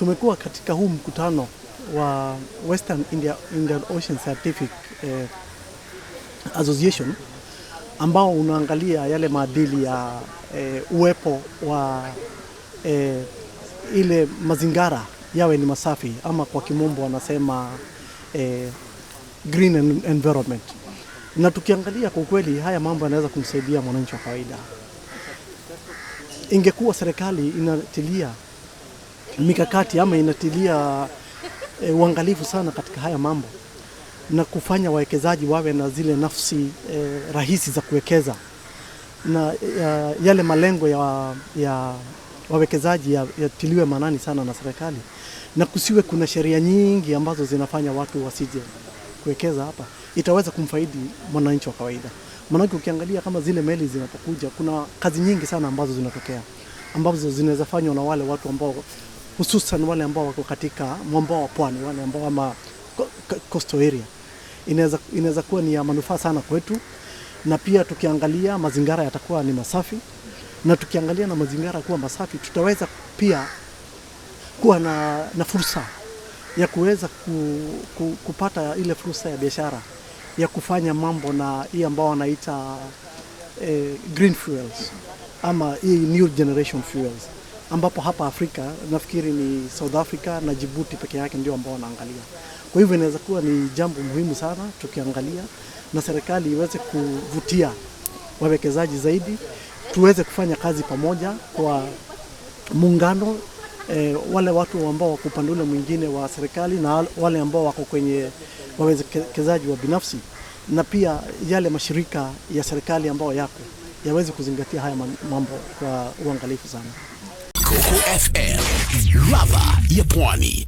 Tumekuwa katika huu mkutano wa Western India, Indian Ocean Scientific eh, Association ambao unaangalia yale maadili ya eh, uwepo wa eh, ile mazingara yawe ni masafi ama kwa kimombo wanasema eh, green environment. Na tukiangalia kwa ukweli, haya mambo yanaweza kumsaidia mwananchi wa kawaida. Ingekuwa serikali inatilia mikakati ama inatilia e, uangalifu sana katika haya mambo na kufanya wawekezaji wawe na zile nafsi e, rahisi za kuwekeza na ya, eh, yale malengo ya, ya wawekezaji yatiliwe ya manani sana na serikali, na kusiwe kuna sheria nyingi ambazo zinafanya watu wasije kuwekeza hapa. Itaweza kumfaidi mwananchi wa kawaida, maanake ukiangalia kama zile meli zinapokuja, kuna kazi nyingi sana ambazo zinatokea ambazo zinaweza fanywa na wale watu ambao hususan wale ambao wako katika mwambao wa pwani, wale ambao ama coastal area, inaweza inaweza kuwa ni ya manufaa sana kwetu, na pia tukiangalia mazingira yatakuwa ni masafi, na tukiangalia na mazingira kuwa masafi, tutaweza pia kuwa na, na fursa ya kuweza ku, ku, kupata ile fursa ya biashara ya kufanya mambo na hii ambao wanaita eh, green fuels ama hii new generation fuels ambapo hapa Afrika nafikiri ni South Africa na Djibouti peke yake ndio ambao wanaangalia. Kwa hivyo inaweza kuwa ni jambo muhimu sana tukiangalia, na serikali iweze kuvutia wawekezaji zaidi, tuweze kufanya kazi pamoja kwa muungano eh, wale watu ambao wako upande ule mwingine wa serikali na wale ambao wako kwenye wawekezaji wa binafsi, na pia yale mashirika ya serikali ambayo yako yaweze kuzingatia haya mambo kwa uangalifu sana. Coco FM, lava yapwani.